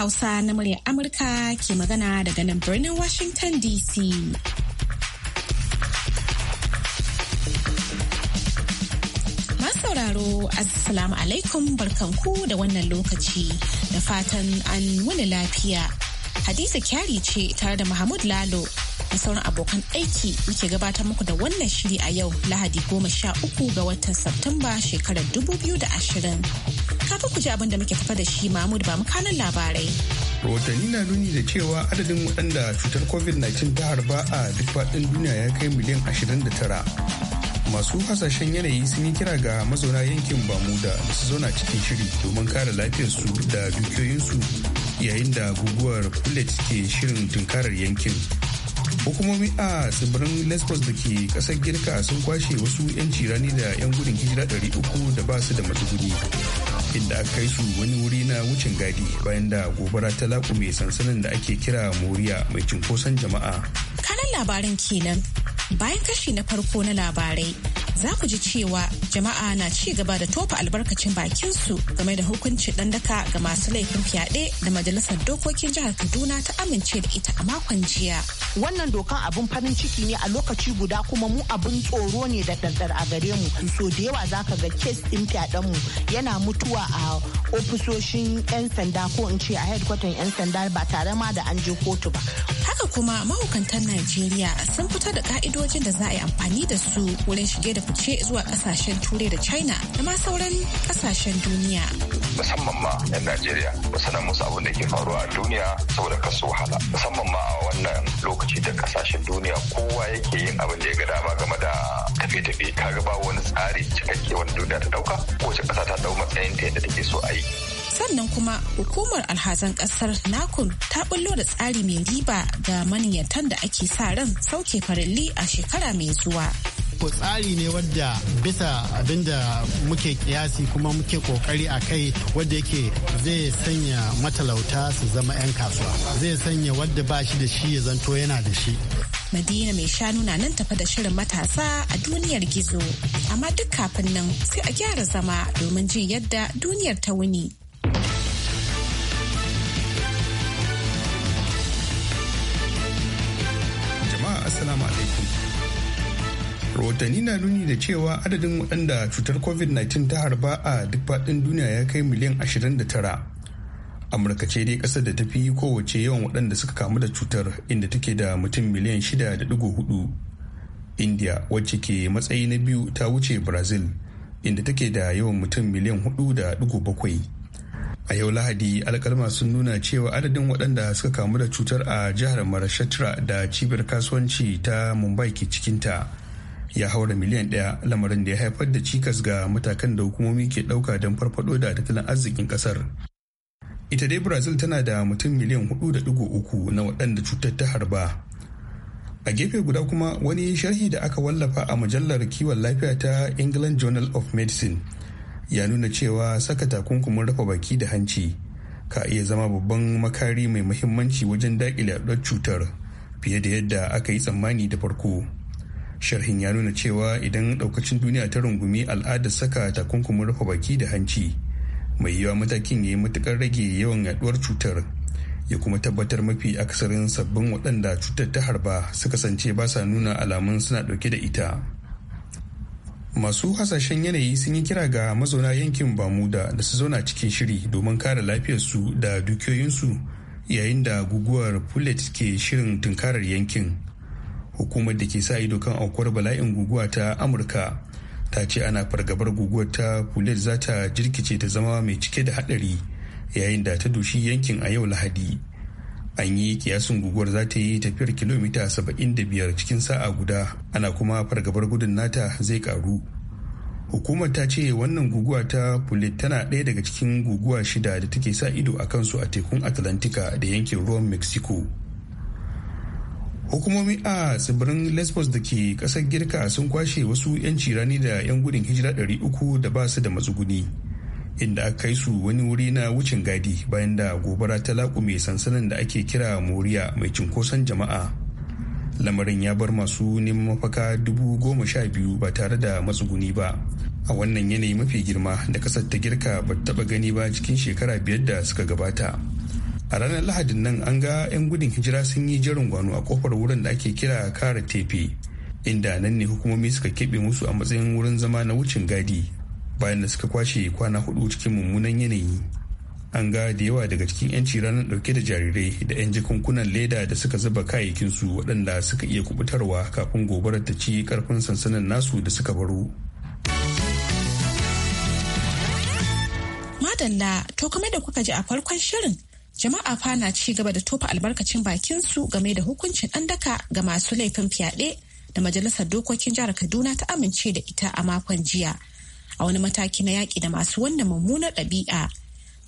Hausa na muryar Amurka ke magana daga nan birnin Washington DC. sauraro assalamu alaikum barkanku da wannan lokaci da fatan an wani lafiya. Hadiza kyari ce tare da Mahmud Lalo da sauran abokan aiki muke gabatar muku da wannan shiri a yau lahadi goma sha uku ga watan Satumba shekarar dubu biyu da ashirin. kafin ku ji abin da muke kafa da shi Mahmud ba kanan labarai. Rahotanni na nuni da cewa adadin waɗanda cutar COVID-19 ta harba a duk faɗin duniya ya kai miliyan ashirin da tara Masu hasashen yanayi sun yi kira ga mazauna yankin Bamuda da su zauna cikin shiri domin kare lafiyarsu da dukiyoyinsu yayin da guguwar Kulet ke shirin tunkarar yankin. hukumomi a tsibirin lesbos da ke kasar girka sun kwashe wasu 'yan cirani da 'yan gudun hijira 300 da ba su da matsuguni inda aka kai su wani wuri na wucin gadi bayan da gobara ta laƙume sansanin da ake kira moriya mai cinkoson jama'a kanan labarin kenan bayan kashi na farko na labarai za ku ji cewa jama'a na ci gaba da tofa albarkacin su game da hukuncin dandaka ga masu laifin fyaɗe da majalisar dokokin jihar Kaduna ta amince da ita a makon jiya. Wannan dokan abun farin ciki ne a lokaci guda kuma mu abun tsoro ne da dandar a gare mu. So da yawa za ka ga kes ɗin fyaɗen mu yana mutuwa a ofisoshin 'yan sanda ko in ce a headquarter 'yan sanda ba tare ma da an je kotu ba. Haka kuma mahukantan Najeriya sun fitar da ka'idojin da za a yi amfani da su wurin shige da fice zuwa kasashen turai da china da ma sauran kasashen duniya musamman ma yan najeriya ba sanar musu abin da ke faruwa a duniya saboda kasu wahala musamman ma a wannan lokaci da kasashen duniya kowa yake yin abin da ya ga dama game da tafiye-tafiye kaga ba wani tsari cikakke wani duniya ta dauka kowace kasa ta dau matsayin ta yadda take so a yi sannan kuma hukumar alhazan kasar nakun ta bullo da tsari mai riba ga maniyatan da ake sa ran sauke farilli a shekara mai zuwa tsari ne wadda bisa abinda muke kiyasi kuma muke kokari a kai wadda yake zai sanya matalauta su zama 'yan kasuwa zai sanya wadda ba shi da shi ya zanto yana da shi Madina mai shanu na nan tafa da shirin matasa a duniyar gizo. Amma duk kafin nan sai a gyara zama domin jin yadda duniyar ta wuni. rahotanni na nuni da cewa adadin waɗanda cutar covid-19 ta harba a duk faɗin duniya ya kai miliyan 29 amurka ce dai ƙasar da ta fi kowace yawan waɗanda suka kamu da cutar inda take da mutum miliyan 6.4 india wacce ke matsayi na biyu ta wuce brazil inda take da yawan mutum miliyan 4.7 a yau lahadi alkalma sun nuna cewa adadin waɗanda suka kamu da cutar a jihar marashatra da cibiyar kasuwanci ta mumbai ke cikinta ya haura miliyan ɗaya lamarin da ya haifar da cikas ga matakan da hukumomi ke ɗauka don farfaɗo da tattalin arzikin ƙasar. Ita dai Brazil tana da mutum miliyan hudu da digo uku na waɗanda cutar ta harba. A gefe guda kuma wani sharhi da aka wallafa a mujallar kiwon lafiya ta England Journal of Medicine ya nuna cewa saka takunkumin rafa baki da hanci ka iya zama babban makari mai mahimmanci wajen daƙile yaduwar cutar fiye da yadda aka yi tsammani da farko. sharhin ya nuna cewa idan daukacin duniya ta rungumi al'adar saka takunkumin rufe baki da hanci mai yawa matakin ya yi matukar rage yawan yaduwar cutar ya kuma tabbatar mafi akasarin sabbin waɗanda cutar ta harba su kasance ba sa nuna alamun suna ɗauke da ita masu hasashen yanayi sun yi kira ga mazauna yankin bamuda da su zauna cikin shiri domin kare lafiyarsu da dukiyoyinsu yayin da guguwar pullet ke shirin tunkarar yankin hukumar da ke sa ido kan aukuwar bala'in guguwa ta amurka ta ce ana fargabar guguwar ta pulet za ta jirkice ta zama mai cike da hadari yayin da ta dushi yankin a yau lahadi an yi kiyasin guguwar za ta yi tafiyar kilomita 75 cikin sa'a guda ana kuma fargabar gudun nata zai karu hukumar ta ce wannan guguwa ta pulit tana ɗaya daga cikin guguwa shida da take sa ido a kansu a tekun atlantika da yankin ruwan mexico hukumomi a tsibirin lesbos da ke kasar girka sun kwashe wasu 'yanci rani da 'yan gudun hijira 300 da ba su da matsuguni inda aka kai su wani wuri na wucin gadi bayan da gobara ta laƙume sansanin da ake kira moriya mai cinkoson jama'a lamarin ya bar masu neman mafaka dubu goma sha biyu ba tare da matsuguni ba a wannan yanayi mafi girma da kasar ta girka ba taɓa gani ba cikin shekara biyar da suka gabata a ranar lahadin nan an ga 'yan gudun hijira sun yi jarin gwano a kofar wurin da ake kira kara tefe inda nan ne hukumomi suka keɓe musu a matsayin wurin zama na wucin gadi bayan da suka kwashe kwana hudu cikin mummunan yanayi an ga da yawa daga cikin 'yanci ranar dauke da jarirai da 'yan jikunkunan leda da suka zuba kayayyakinsu waɗanda suka iya kubutarwa kafin gobarar ta ci karfin sansanin nasu da suka baro madalla to kamar da kuka ji a farkon shirin jama'a fana ci gaba da tofa albarkacin su game da hukuncin ɗan daka ga masu laifin fyaɗe da majalisar dokokin jihar kaduna ta amince da ita a makon jiya a wani mataki na yaki da masu wannan mummunar ɗabi'a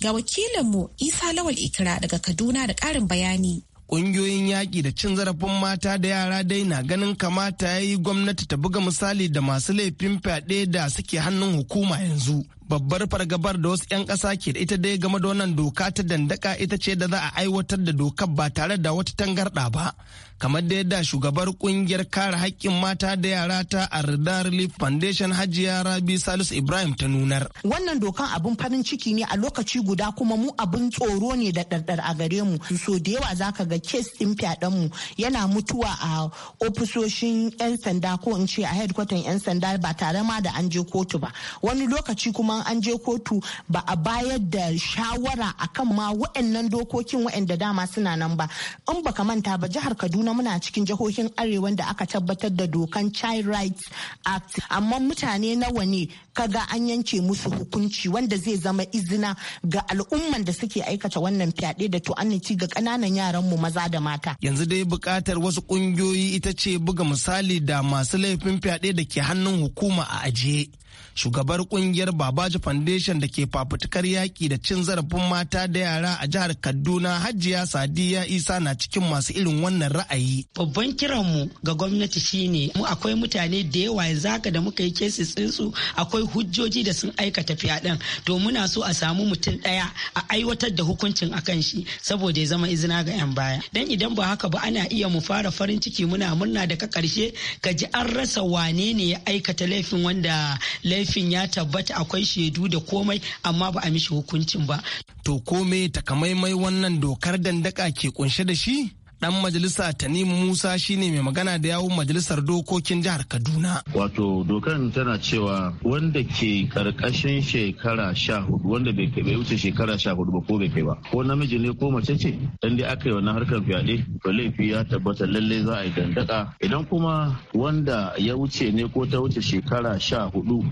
ga wakilinmu isa lawal ikira daga kaduna da ƙarin bayani Ƙungiyoyin yaƙi da cin zarafin mata da yara dai na ganin kamata ya yi gwamnati ta buga misali da masu laifin fyaɗe da suke hannun hukuma yanzu babbar fargabar da wasu 'yan ƙasa ke da ita dai game da wannan doka ta dandaka ita ce da za a aiwatar da dokar ba tare da wata tangarɗa ba kamar da yadda shugabar kungiyar kare haƙƙin mata da yara ta arda relief foundation hajiya rabi salisu ibrahim ta nunar wannan dokan abin farin ciki ne a lokaci guda kuma mu abin tsoro ne da ɗarɗar a gare mu so da yawa ka ga kes ɗin fyaɗen mu yana mutuwa a ofisoshin 'yan sanda ko in ce a headquarter 'yan sanda ba tare ma da an je kotu ba wani lokaci kuma an je kotu ba a bayar da shawara akan ma wa'annan dokokin wa'anda dama suna nan ba in ba ka manta ba jihar kaduna muna cikin jihohin arewa da aka tabbatar da dokan child rights act amma mutane nawa ne kaga an yanke musu hukunci wanda zai zama izina ga al'umman da suke aikata wannan fyaɗe da tu'annaci ga ƙananan yaran mu maza da mata yanzu dai buƙatar wasu ƙungiyoyi ita ce buga misali da masu laifin fyaɗe da ke hannun hukuma a ajiye shugabar kungiyar babaji foundation da ke fafutukar yaki da cin zarafin mata da yara a jihar kaduna hajiya sadiya isa na cikin masu irin wannan ra'ayi babban kiranmu ga gwamnati shine mu akwai mutane da yawa ya da muka yi kesis ɗinsu akwai hujjoji da sun aikata fyaɗen to muna so a samu mutum ɗaya a aiwatar da hukuncin akan shi saboda ya zama izina ga 'yan baya dan idan ba haka ba ana iya mu fara farin ciki muna murna daga ƙarshe ka ji an rasa wane ne ya aikata laifin wanda laifin laifin ya tabbata akwai shaidu da komai amma ba a mishi hukuncin ba. To kome takamaimai wannan dokar dandaka ke kunshe da shi? dan majalisa tanim musa shine mai magana da yawun majalisar dokokin jihar kaduna wato dokar tana cewa wanda ke karkashin shekara sha hudu wanda bai bai wuce shekara sha hudu ba ko bai kai ba ko namiji ne ko mace ce dan dai aka yi wannan harkar fyaɗe to laifi ya tabbata lalle za a yi dandaka idan kuma wanda ya wuce ne ko ta wuce shekara sha hudu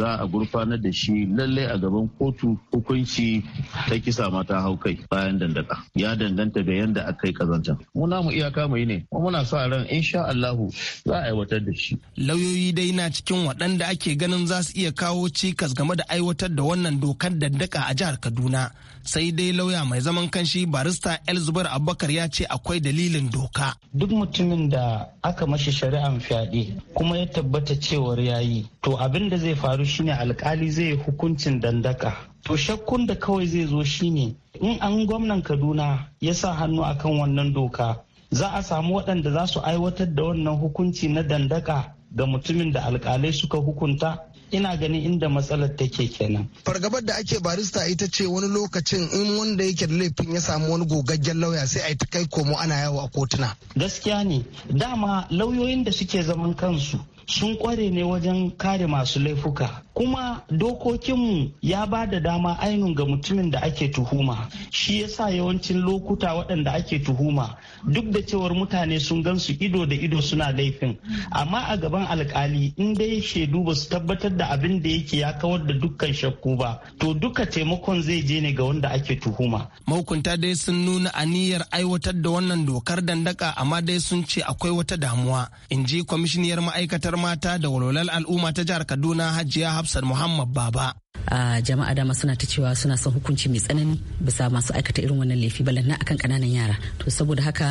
za a gurfanar da shi lalle a gaban kotu hukunci ta kisa mata hau kai bayan dandaka ya danganta ga yadda aka yi kazancan mu iyaka mai ne kuma muna sa ran insha Allahu za a aiwatar da shi lauyoyi dai na cikin waɗanda ake ganin za su iya kawo cikas game da aiwatar da wannan dokar daddaka a jihar Kaduna sai dai lauya mai zaman kanshi barista Elzubar Abubakar ya ce akwai dalilin doka duk mutumin da aka mashi shari'an fyaɗe kuma ya tabbata cewar yayi to abin da zai faru shine alkali zai hukuncin dandaka to shakkun da kawai zai zo shine in an gwamnan kaduna ya sa hannu akan wannan doka za a samu waɗanda za su aiwatar da wannan hukunci na dandaka ga mutumin da alkalai suka hukunta ina ganin inda matsalar take kenan. fargabar da ake barista ita ce wani lokacin in wanda yake da laifin ya samu wani gogaggen lauya sai a yi ta kai komo ana yawo a kotuna gaskiya ne dama lauyoyin da suke zaman kansu sun kware ne wajen kare masu laifuka kuma dokokinmu ya ba da dama ainihin ga mutumin da ake tuhuma shi ya sa yawancin lokuta waɗanda ake tuhuma duk da cewar mutane sun gansu ido da ido suna laifin amma a gaban alkali in dai shaidu ba su tabbatar da abin da yake ya kawar da dukkan shakku ba to duka taimakon zai je ne ga wanda ake tuhuma mahukunta dai sun nuna aniyar aiwatar da wannan dokar dandaka amma dai sun ce akwai wata damuwa in ji kwamishiniyar ma'aikatar mata da walwalar al'umma ta jihar Kaduna Hajiya Hafsat Muhammad Baba a jama'a dama suna ta cewa suna son hukunci mai tsanani bisa masu aikata irin wannan laifi balanna akan kananan yara to saboda haka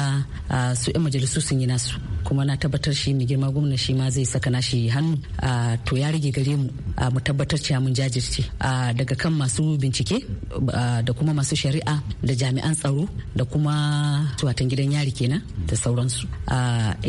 su yan majalisu sun yi nasu kuma na tabbatar shi mai girma gwamna shi ma zai saka nashi hannu to ya rage gare mu mu tabbatar cewa mun jajirce daga kan masu bincike da kuma masu shari'a da jami'an tsaro da kuma watan gidan yari kenan da sauransu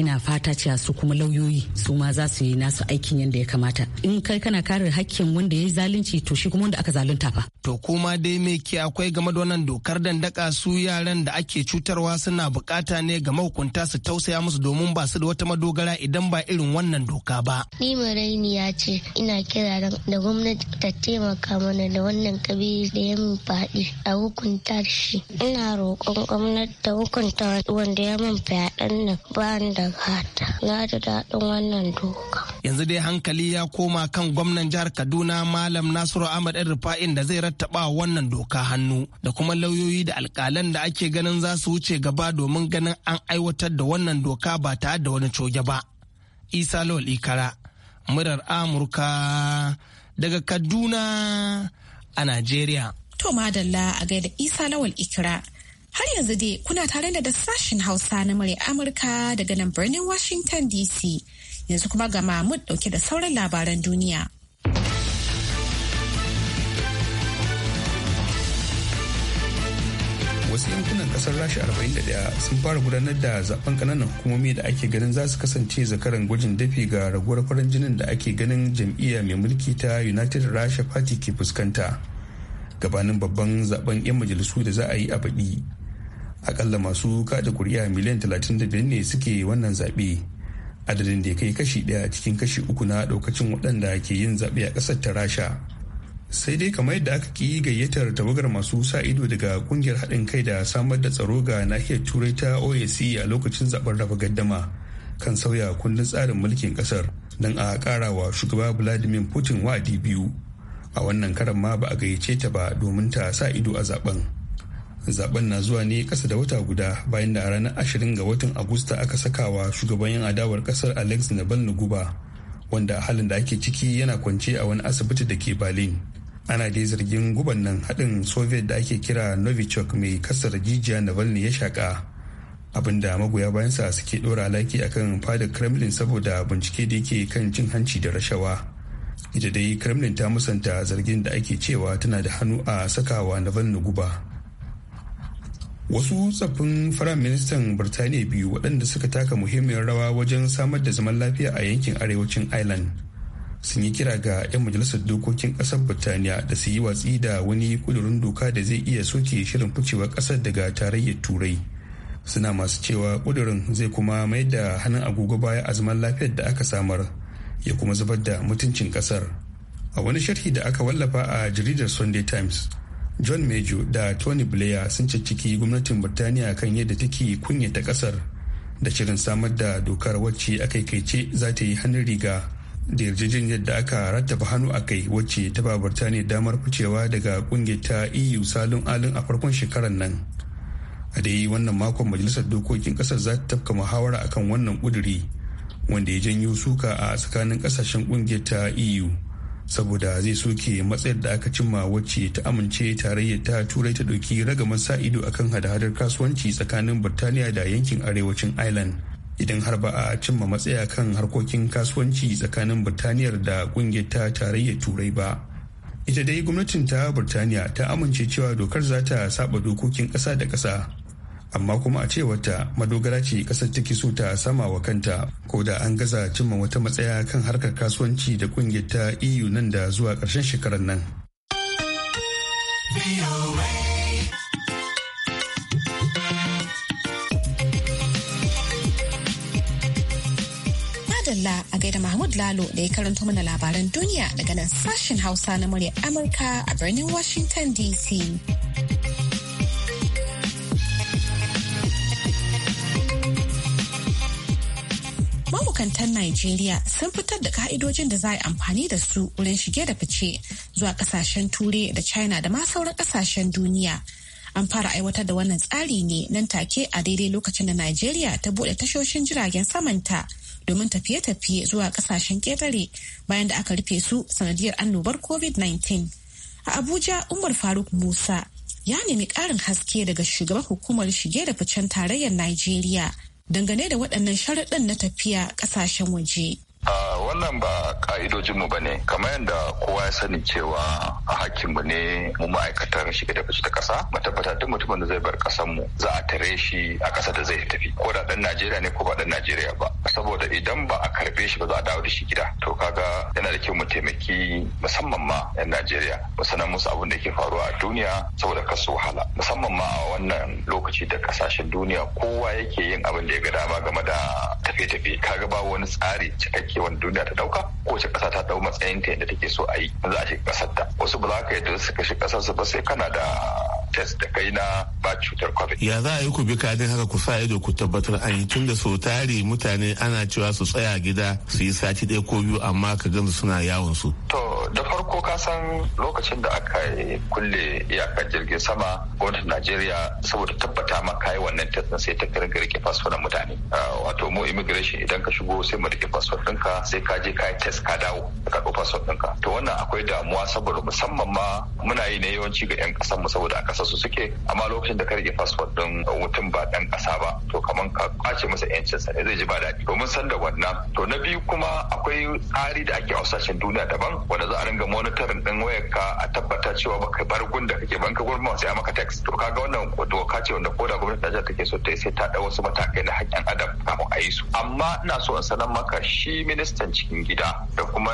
ina fata cewa su kuma lauyoyi su ma za su yi nasu aikin yadda ya kamata in kai kana kare hakkin wanda ya yi zalunci to shi kuma wanda aka zalunta fa. To kuma dai me ke akwai game da wannan dokar dandaka su yaran da ake cutarwa suna bukata ne ga mahukunta su tausaya musu domin ba su da wata madogara idan ba irin wannan doka ba. Ni maraini ya ce ina kira da gwamnati ta taimaka mana da wannan kabiri da ya min faɗi a hukunta shi. Ina roƙon gwamnati ta hukunta wanda ya min fyaɗen nan ba da gata. Na da daɗin wannan doka. Yanzu dai hankali ya koma kan gwamnan jihar Kaduna Malam Nasu nasiru ahmad ɗan rufa'in da zai rattaba wannan doka hannu da kuma lauyoyi da alƙalan da ake ganin za su wuce gaba domin ganin an aiwatar da wannan doka ba tare da wani coge ba isa lawal ikara murar amurka daga kaduna a najeriya to madalla a gaida isa lawal ikira Har yanzu dai kuna tare da sashen Hausa na murya Amurka daga nan birnin Washington DC. Yanzu kuma ga Mahmud dauke da sauran labaran duniya. wasu yankunan kasar rasha arba'in da 41 sun fara gudanar da zaben kananan hukumomi da ake ganin za su kasance zakaran gwajin dafi ga raguwar farin jinin da ake ganin jam'iyya mai mulki ta united rasha party ke fuskanta gabanin babban zaben 'yan majalisu da za a yi a baɗi akalla masu kada kuri'a miliyan 35 ne suke wannan zaɓe adadin da ya kai kashi ɗaya cikin kashi uku na ɗaukacin waɗanda ke yin zaɓe a ƙasar ta rasha sai dai kamar yadda aka ki gayyatar tawagar masu sa ido daga kungiyar haɗin kai da samar da tsaro ga nahiyar turai ta oac a lokacin zaɓen raba gaddama kan sauya kundin tsarin mulkin ƙasar don a ƙara wa shugaba vladimir putin wa'adi biyu a wannan karan ma ba a gayyace ta ba domin ta sa ido a zaben zaben na zuwa ne kasa da wata guda bayan da a ranar ashirin ga watan agusta aka saka wa shugaban yan adawar ƙasar alex nabal guba wanda halin da ake ciki yana kwance a wani asibiti da ke berlin ana dai zargin guban nan haɗin soviet da ake kira novichok mai kasar jijiya navalny ya shaƙa abinda magoya bayansa suke ɗora a akan fada kremlin saboda bincike da yake kan cin hanci da rashawa ita dai kremlin ta musanta zargin da ake cewa tana da hannu a sakawa navalny guba wasu tsaffin ministan birtaniya biyu waɗanda suka taka muhimmiyar rawa wajen samar da zaman lafiya a yankin arewacin ireland sun yi kira ga 'yan majalisar dokokin kasar birtaniya da su yi watsi da wani kudurin doka da zai iya soke shirin ficewar kasar daga tarayyar turai suna masu cewa kudurin zai kuma mai da hannun agogo baya a zaman lafiyar da aka samar ya kuma zubar da mutuncin kasar a wani sharhi da aka wallafa a jaridar sunday times john mejo da tony blair sun cicciki gwamnatin birtaniya kan yadda take kunyata kasar da shirin samar da dokar wacce aka kai ce za ta yi hannun riga da yarjejen yadda aka rattaba hannu a kai wacce ta ba birtaniya damar ficewa daga kungiyar ta eu salon alin a farkon shekarar nan a dai wannan makon majalisar dokokin kasar za ta tafka muhawara akan wannan kuduri wanda ya janyo suka a tsakanin kasashen kungiyar ta eu saboda zai soke matsayar da aka cimma wacce ta amince tarayyar ta turai ta ɗauki ragamar sa ido akan hada-hadar kasuwanci tsakanin birtaniya da yankin arewacin ireland idan har ba a cimma matsaya kan harkokin kasuwanci tsakanin birtaniyar da kungiyar ta tarayyar turai ba ita dai gwamnatin ta birtaniya ta amince cewa dokar za ta saba dokokin ƙasa da ƙasa amma kuma a cewarta madogara ce ƙasar take so ta sama wa kanta ko da an gaza cimma wata matsaya kan harkar kasuwanci da kungiyar ta eu nan da zuwa ƙarshen shekarar nan. Dalla a gaida Mahmud Lalo da ya karanto mana labaran duniya daga nan sashen Hausa na murya Amurka a birnin Washington DC. mahukantan Najeriya sun fitar da ka'idojin da za a yi amfani da su wurin shige da fice zuwa kasashen Turai da China da ma sauran kasashen duniya. An fara aiwatar da wannan tsari ne nan take a daidai lokacin da Najeriya ta buɗe tashoshin jiragen samanta domin tafiye-tafiye zuwa kasashen ketare bayan da aka rufe su sanadiyar annobar covid-19 a abuja umar faruk musa ya nemi ƙarin haske daga shugaban hukumar shige da ficen tarayyar najeriya dangane da waɗannan sharaɗin na tafiya ƙasashen waje wannan ba ƙa'idojinmu ba ne kamar yadda kowa ya sani cewa a hakinmu ne mu ma'aikatar shiga da fice ta ƙasa mu tabbata duk mutumin da zai bar ƙasar mu za a tare shi a ƙasa da zai tafi ko da ɗan Najeriya ne ko ba ɗan Najeriya ba idan ba a karbe shi ba za a dawo da shi gida to kaga yana da kyau mu taimaki musamman ma 'yan najeriya mu sanar musu abin da ke faruwa a duniya saboda kar su wahala musamman ma a wannan lokaci da kasashen duniya kowa yake yin abin da ya ga dama game da tafiye-tafiye kaga ba wani tsari cikakke wanda duniya ta dauka ce kasa ta dau matsayin ta yadda take so a yi za a shiga kasar ta wasu ba za ka yadda su kashe kasar su ba sai kana da test da kai na ba cutar covid ya za a yi ku bi kadin haka ku sa ido ku tabbatar an yi tun da sau tari mutane ana cewa su tsaya gida su yi sati ɗaya ko biyu amma ka gansu suna yawon su to da farko ka san lokacin da aka kulle iyakar jirgin sama gwamnatin najeriya saboda tabbata ma kayi wannan test sai ta gargar rike fasfonan mutane ah, wato mu immigration idan ka shigo sai mu rike fasfon ɗinka sai ka je ka yi test ka dawo ka ɗau fasfon ɗinka to wannan akwai damuwa saboda musamman ma muna yi ne yawanci ga 'yan ƙasar mu saboda aka kasa su suke amma lokacin da ka rike fasfot din mutum ba dan kasa ba to kamar ka kwace masa yancin sa ne zai ji ba daɗi to mun san da wannan to na biyu kuma akwai tsari da ake ausashin duniya daban wanda za a ringa monitoring din wayar ka a tabbata cewa kai bar gunda da kake ban ka gurbin sai a maka tax to kaga wannan doka ce wanda koda gwamnati ta jihar take so ta yi sai ta da wasu matakai na haƙƙin adam kafin a yi su amma ina so in sanar maka shi ministan cikin gida da kuma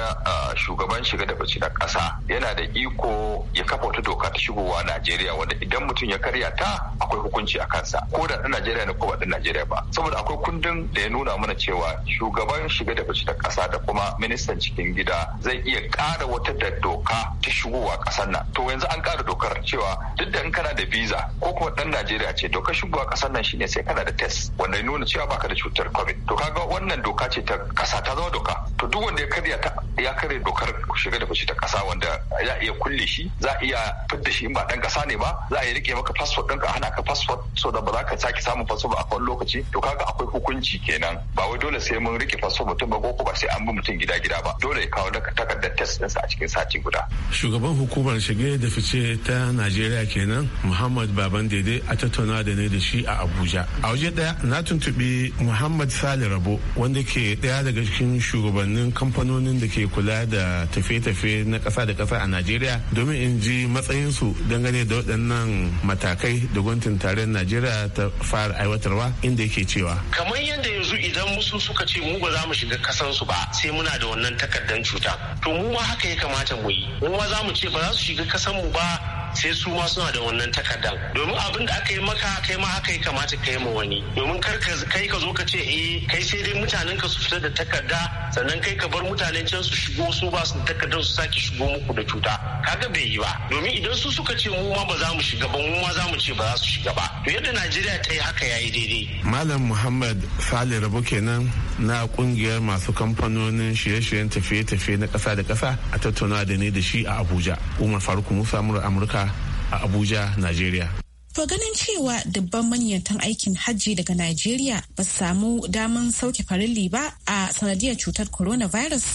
shugaban shiga da fice na ƙasa yana da iko ya kafa wata doka ta shigowa Najeriya wanda idan mutum ya karya ta akwai hukunci a kansa ko da ɗan Najeriya ne ko ba ɗan Najeriya ba saboda akwai kundin da ya nuna mana cewa shugaban shiga da fice ta ƙasa da kuma ministan cikin gida zai iya ƙara wata da doka ta shigowa ƙasar nan to yanzu an ƙara dokar cewa duk da in kana da visa ko kuma ɗan Najeriya ce dokar shigowa ƙasar nan shine sai kana da test wanda ya nuna cewa baka da cutar covid to kaga wannan doka ce ta ƙasa ta zama doka to duk wanda ya karya ta ya karya dokar shiga da fice ta ƙasa wanda ya iya kulle shi za a iya fidda shi in ba ɗan ƙasa ne ba za a yi rike maka ɗin ɗinka hana ka passport so da ba za ka sake samun ba a kwan lokaci to kaga akwai hukunci kenan ba wai dole sai mun rike passport mutum ba ko ba sai an bi mutum gida gida ba dole ya kawo daga takardar test ɗinsa a cikin sati guda. Shugaban hukumar shige da fice ta Najeriya kenan Muhammad Baban Dede a tattauna da ne da shi a Abuja. A waje ɗaya na tuntuɓi Muhammad Sale Rabo wanda ke ɗaya daga cikin shugabannin kamfanonin da ke kula da tafiye-tafiye na ƙasa da ƙasa a Najeriya domin in ji matsayinsu dangane da waɗannan waɗannan matakai da gwamnatin tarayyar najeriya ta fara aiwatarwa inda yake cewa kamar yadda yanzu idan musu suka ce mu ba za mu shiga su ba sai muna da wannan takardar cuta to mu ma haka ya kamata mu yi mu ma za mu ce ba za su shiga kasan mu ba sai su ma suna da wannan takardan domin abin da aka yi maka kai ma aka yi kamata ka yi ma wani domin kar ka kai ka zo ka ce eh kai sai dai mutanen ka su fita da takarda sannan kai ka bar mutanen can su shigo su ba su takardar su sake shigo muku da cuta kaga bai yi ba domin idan su suka ce mu ma ba za mu shiga ba mu ma za mu ce ba za su shiga ba to yadda Najeriya ta yi haka yayi daidai Malam Muhammad Sale Rabo kenan na kungiyar masu kamfanonin shirye-shiryen tafiye-tafiye na kasa da kasa a tattauna da ne da shi a Abuja Umar Faruk Musa Amurka a Abuja, Najeriya. To ganin cewa dubban manyantan aikin hajji daga Najeriya ba su samu daman sauke farilli ba a sanadiyar cutar coronavirus,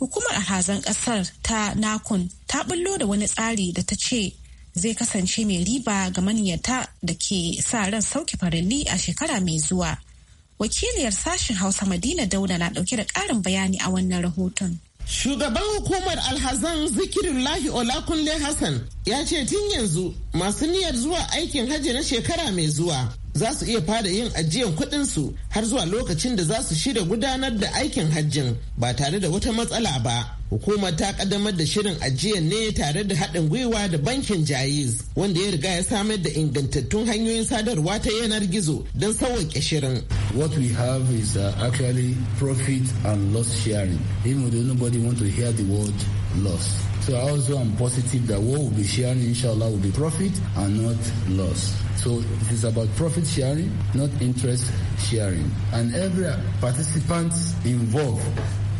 hukumar hazan kasar ta nakun ta bullo da wani tsari da ta ce zai kasance mai riba ga manyata da ke sa ran sauke farilli a shekara mai zuwa. Wakiliyar sashen Hausa Madina Dauda na dauke da ƙarin bayani a wannan rahoton. Shugaban hukumar alhazan zikirullahi Olakunle Hassan ya ce tun yanzu masu niyyar zuwa aikin hajji na shekara mai zuwa za su iya fara yin ajiyan su har zuwa lokacin da za su shirya gudanar da aikin hajjin ba tare da wata matsala ba. Hukumar ta kaddamar da shirin ajiyar ne tare da haɗin gwiwa da bankin Jayiz wanda ya riga ya samar da ingantattun hanyoyin sadarwa ta yanar gizo don sauwaƙe shirin. What we have is uh, actually profit and loss sharing. Even though nobody want to hear the word loss. So also I'm positive that what we'll be sharing, inshallah, will be profit and not loss. So it is about profit sharing, not interest sharing. And every participant involved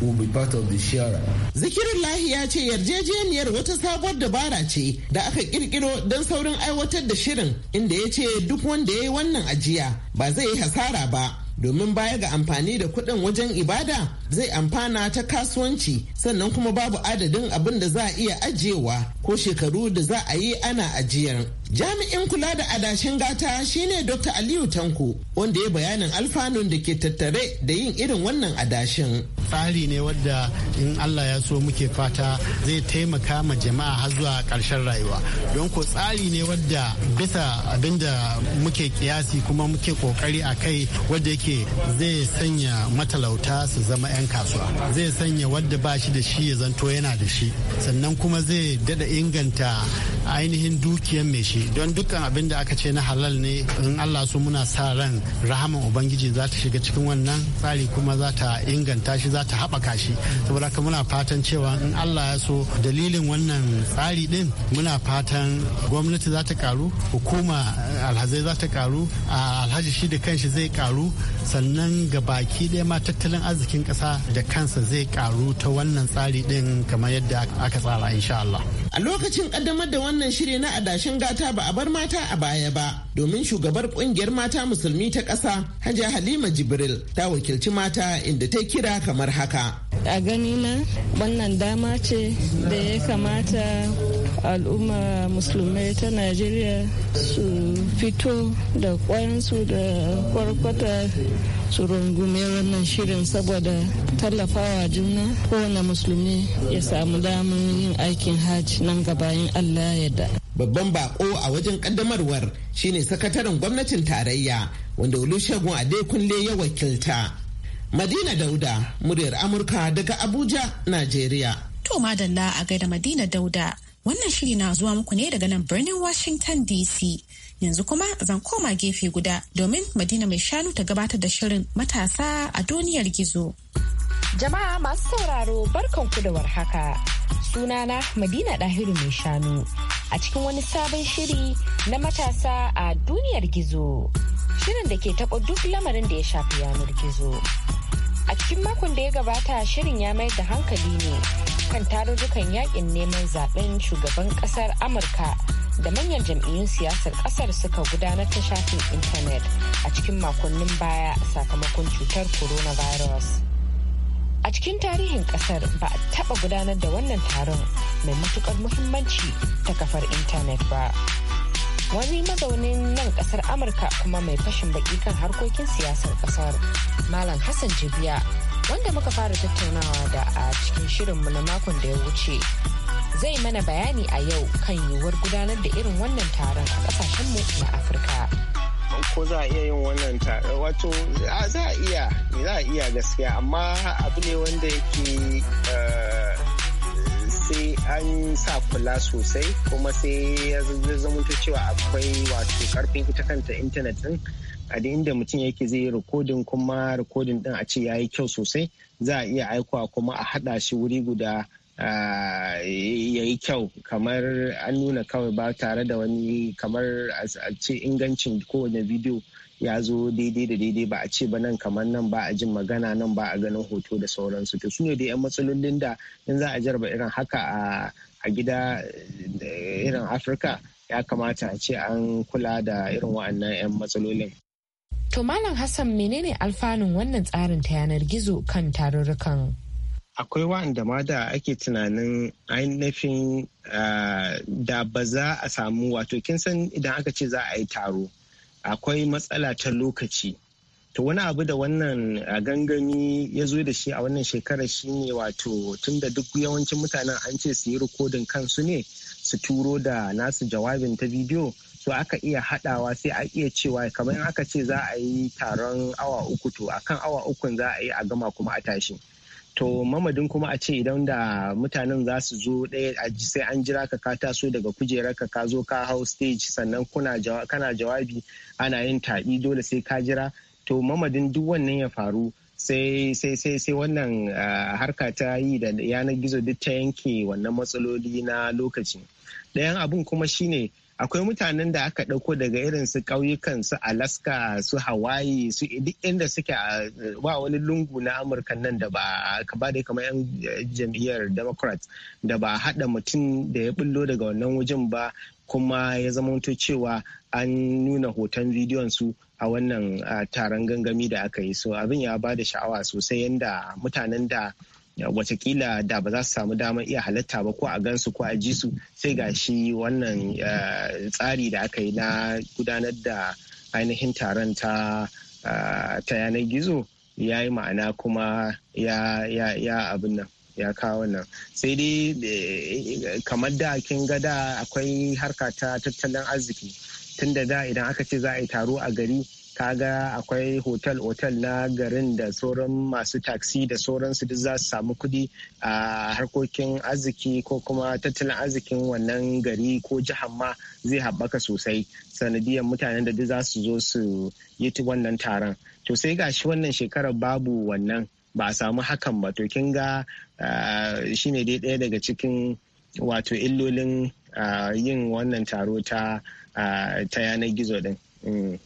will be part of the ya ce yarjejeniyar wata sabuwar dabara ce da aka kirkiro don saurin aiwatar da shirin inda ya ce duk wanda ya yi wannan ajiya ba zai yi hasara ba. domin baya ga amfani da kuɗin wajen ibada zai amfana ta kasuwanci sannan kuma babu adadin abin da za a iya ajiyewa ko shekaru da za a yi ana ajiyar. Jami'in kula da adashin gata shine Dr. Aliyu Tanko wanda ya bayanin alfanun da ke tattare da yin irin wannan adashin. Tsari ne wadda in Allah ya so muke fata zai taimaka ma jama'a har zuwa ƙarshen rayuwa. Don ko tsari ne wadda bisa abinda muke kiyasi kuma muke kokari a kai wadda yake zai sanya matalauta su zama 'yan kasuwa. Zai sanya wadda ba shi da shi ya zanto yana da shi. Sannan kuma zai dada inganta ainihin dukiyar mai shi don dukkan abin da aka ce na halal ne in Allah su muna sa ran rahaman ubangiji za ta shiga cikin wannan tsari kuma za ta inganta shi za ta haɓaka shi saboda haka muna fatan cewa in Allah ya so dalilin wannan tsari din muna fatan gwamnati za ta karu hukuma alhazai za ta karu alhaji shi da kanshi zai karu sannan ga baki ɗaya ma tattalin arzikin ƙasa da kansa zai karu ta wannan tsari din kamar yadda aka tsara insha Allah. lokacin kaddamar da wannan shiri na adashin gata ba a bar mata a baya ba domin shugabar kungiyar mata musulmi ta ƙasa hajja halima jibril ta wakilci mata inda ta kira kamar haka a ganina wannan dama ce da ya kamata al'umma musulmai ta najeriya su fito da kwayansu da kwarkwata su rungume wannan shirin saboda tallafawa juna kowane musulmi ya samu damar yin aikin hajji nan gabayin allah yadda babban bako a wajen kaddamarwar shine sakataren gwamnatin tarayya wanda olusegun adekunle ya wakilta madina dauda muryar amurka daga abuja najeriya to madalla a gaida madina dauda Wannan shiri na zuwa muku ne daga nan birnin Washington DC. Yanzu kuma zan koma gefe guda domin Madina mai shanu ta gabatar da shirin matasa a duniyar gizo. Jama'a masu sauraro barkanku da warhaka. Sunana Madina Dahiru mai shanu a cikin wani sabon shiri na matasa a duniyar gizo. Shirin da ke taɓa duk lamarin da ya shafi yanar gizo. A cikin makon da ya gabata shirin ya mayar da hankali ne kan tarurrukan yakin neman zaben shugaban kasar amurka da manyan jam'iyyun siyasar kasar suka gudanar ta shafin intanet a cikin makonnin baya sakamakon cutar coronavirus a cikin tarihin kasar ba a taba gudanar da wannan taron mai matukar muhimmanci ta kafar intanet ba wani mazaunin nan kasar amurka kuma mai fashin baki kan harkokin siyasar kasar malam hassan jibiya wanda muka fara tattaunawa da a cikin shirinmu na makon da ya wuce zai mana bayani a yau kan yiwuwar gudanar da irin wannan taron a kasashenmu na afirka ko za a iya yin wannan taron wato za za a iya gaskiya amma abu ne wanda yake eh, sai an sa kula sosai kuma sai ya zamanto cewa akwai wato karfin ita kanta intanet din a da inda mutum yake zai yi rikodin kuma rikodin din a ce ya yi kyau sosai za a iya aikowa kuma a haɗa shi wuri guda ya yi kyau kamar an nuna kawai ba tare da wani kamar a ce ingancin kowane bidiyo ya zo daidai da daidai ba a ce ba nan kamar nan ba a jin magana nan ba a ganin hoto da sauransu to su ne da 'yan matsalolin da in za a jarba irin haka a gida eh, irin afirka ya kamata a ce an kula da irin wa'annan 'yan matsalolin to malam hassan menene alfanun wannan tsarin ta yanar gizo kan tarurrukan akwai wa'anda ma da ake tunanin ainihin ah, da ba za a samu wato kin san idan aka ce za a yi taro akwai matsala ta lokaci to wani abu da wannan gangami ya zo da shi a wannan shekarar shine wato tunda duk yawancin mutanen an ce su yi rikodin kansu ne su turo da nasu jawabin ta bidiyo to aka iya haɗawa sai a iya cewa kamar aka ce za a yi taron awa uku to akan awa ukun za a yi a gama kuma a tashi. to mamadin kuma a ce idan da mutanen za su zo ɗaya a sai an jira ka ka taso daga kujerar ka ka zo ka hau stage sannan kuna kana jawabi ana yin taɓi dole sai ka jira to mamadin duk wannan ya faru sai sai sai sai wannan harka ta yi da yanar gizo duk ta yanke wannan matsaloli na lokaci ɗayan abun kuma shine akwai mutanen da aka ɗauko daga irin su ƙauyukan su alaska su hawaii su duk inda suke ba wani lungu na amurka nan da ba ba da kamar yan eh, jam'iyyar democrat da ba haɗa mutum da ya bullo daga wannan wajen ba kuma ya zamanto cewa an nuna hoton bidiyon su a wannan taron gangami da aka yi so abin ya ba da sha'awa sosai yadda mutanen da watakila da ba za su samu damar iya halatta ba ko a gansu ko a ji su sai ga shi wannan eh, tsari da aka yi na gudanar da ainihin taron ta eh, ta yanar gizo ya yi ma'ana kuma ya abin nan ya kawo nan sai dai eh, kamar da kin ga da akwai harka ta tattalin arziki tun da da idan aka ce za a yi taro a gari ka ga akwai hotel-hotel na garin da sauran masu taxi da su duk za su samu kudi a harkokin arziki ko kuma tattalin arzikin wannan gari ko jihar ma zai haɓaka sosai sanadiyar mutanen da duk za su zo su yi wannan taron to sai gashi wannan shekarar babu wannan ba a samu hakan ba to kin ga shi ne dai ɗaya daga cikin wato illolin yin wannan taro ta yanar gizo din. Mm.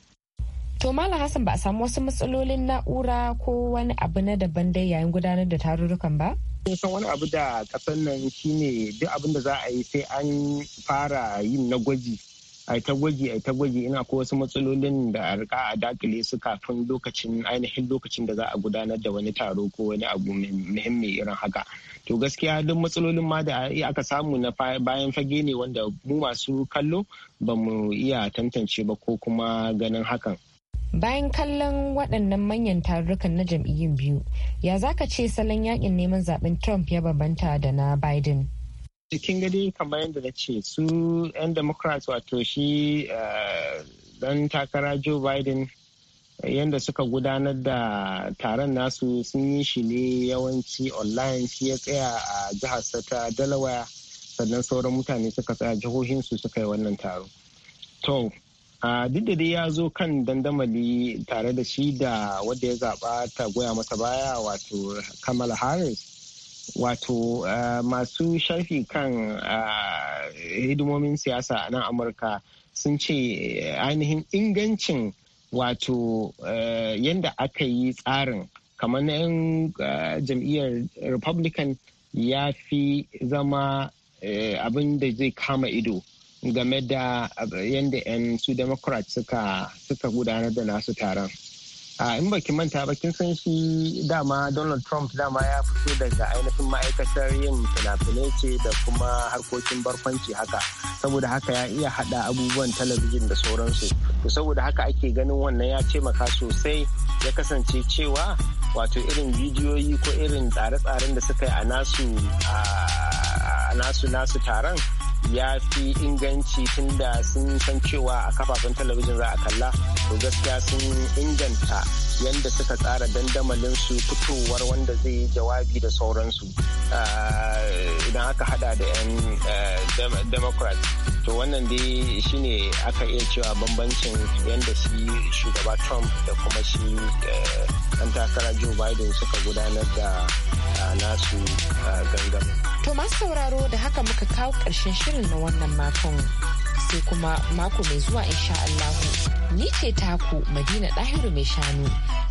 To Malam Hassan ba a samu wasu matsalolin na'ura ko wani abu na daban dai yayin gudanar da tarurrukan ba? Kun eh, san wani abu da kasan nan shine duk abin da za a yi sai an fara yin na gwaji. A ta gwaji a ta gwaji ina ko wasu matsalolin da a rika a dakile su kafin lokacin ainihin lokacin da za a gudanar da wani taro ko wani abu muhimmi irin haka. to gaskiya duk matsalolin ma da aka samu na bayan fage ne wanda mu masu kallo ba mu iya tantance ba ko kuma ganin hakan bayan kallon waɗannan manyan tarurrukan na jam'iyyun biyu ya zaka ce salon yakin neman zaben trump ya bambanta da na biden cikin eh, gadi kamar yadda na ce su 'yan democrats wato shi dan eh, takara joe biden yadda suka gudanar da taron nasu sun yi shi ne yawanci online shi ya tsaya a jihar ta delaware sannan sauran mutane suka tsaya jihohinsu suka yi wannan taro to duk da dai ya zo kan dandamali tare da shi da wadda ya zaba ta goya masa baya wato kamala harris wato eh, masu shafi kan eh, hidimomin siyasa a nan amurka sun ce eh, ainihin ingancin wato yadda aka yi tsarin kamar na 'yan jam'iyyar republican ya fi zama abin da zai kama ido game da yadda 'yan su democrat suka gudanar da nasu taron in baki manta bakin kin san shi dama donald trump dama ya fito daga ainihin ma'aikatar yin fina-finai ce da kuma harkokin barkwanci haka saboda haka ya iya hada abubuwan talabijin da sauransu to saboda haka ake ganin wannan ya taimaka sosai ya kasance cewa wato irin bidiyoyi ko irin tsare-tsaren da suka yi a nasu nasu taron ya fi inganci tunda sun san cewa a kafafen talabijin za a kalla to gaskiya sun inganta yanda suka tsara dandamalin su fitowar wanda zai yi jawabi da sauransu ah, idan aka hada da 'yan eh, democrat to wannan dai shine aka iya cewa bambancin yadda shi shugaba trump da kuma shi dan eh, takara joe biden suka gudanar da ah, nasu ah, gangan. to masu sauraro da haka muka kawo ƙarshen shirin na wannan makon sai kuma mako mai zuwa insha Allahu. Ni ce taku Madina Dahiru mai shanu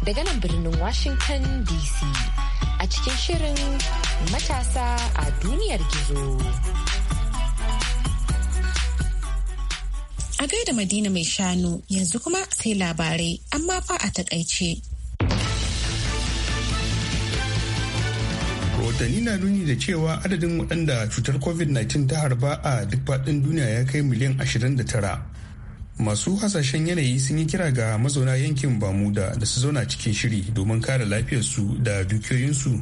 daga nan birnin Washington DC a cikin shirin matasa a duniyar gizo. A gaida Madina mai shanu yanzu kuma sai labarai amma fa a takaice. rahotanni na nuni da cewa adadin waɗanda cutar covid-19 ta harba a duk faɗin duniya ya kai miliyan 29 masu hasashen yanayi sun yi kira ga mazauna yankin bamuda da su zauna cikin shiri domin kare lafiyarsu da dukiyoyinsu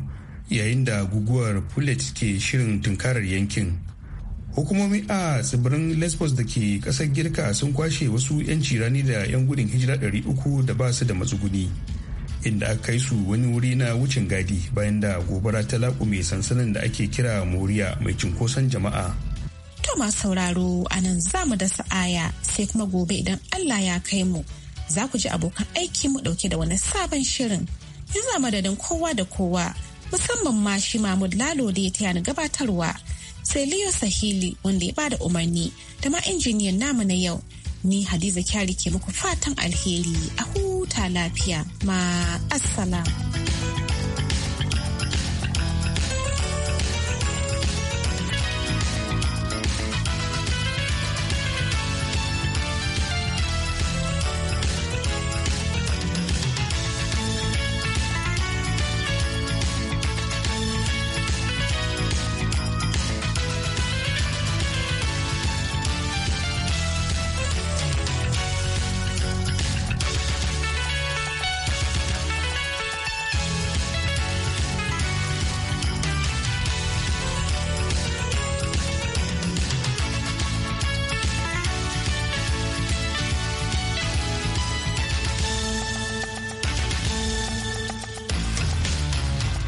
yayin da guguwar pulet ke shirin tunkarar yankin hukumomi a tsibirin lesbos da ke kasar girka sun kwashe wasu 'yanci rani da 'yan gudun hijira 300 da ba su da matsuguni inda aka kai su wani wuri na wucin gadi bayan da gobara ta laƙume sansanin da ake kira moriya mai cinkoson jama'a to masu sauraro a nan za mu da sa'aya sai kuma gobe idan allah ya kai mu za ku ji abokan aiki mu dauke da wani sabon shirin yanzu madadin kowa da kowa musamman ma shi mahmud lalo da ya taya ni gabatarwa sai leo sahili wanda ya bada umarni da ma injiniyan namu na yau ni hadiza kyari ke muku fatan alheri a huta lafiya ma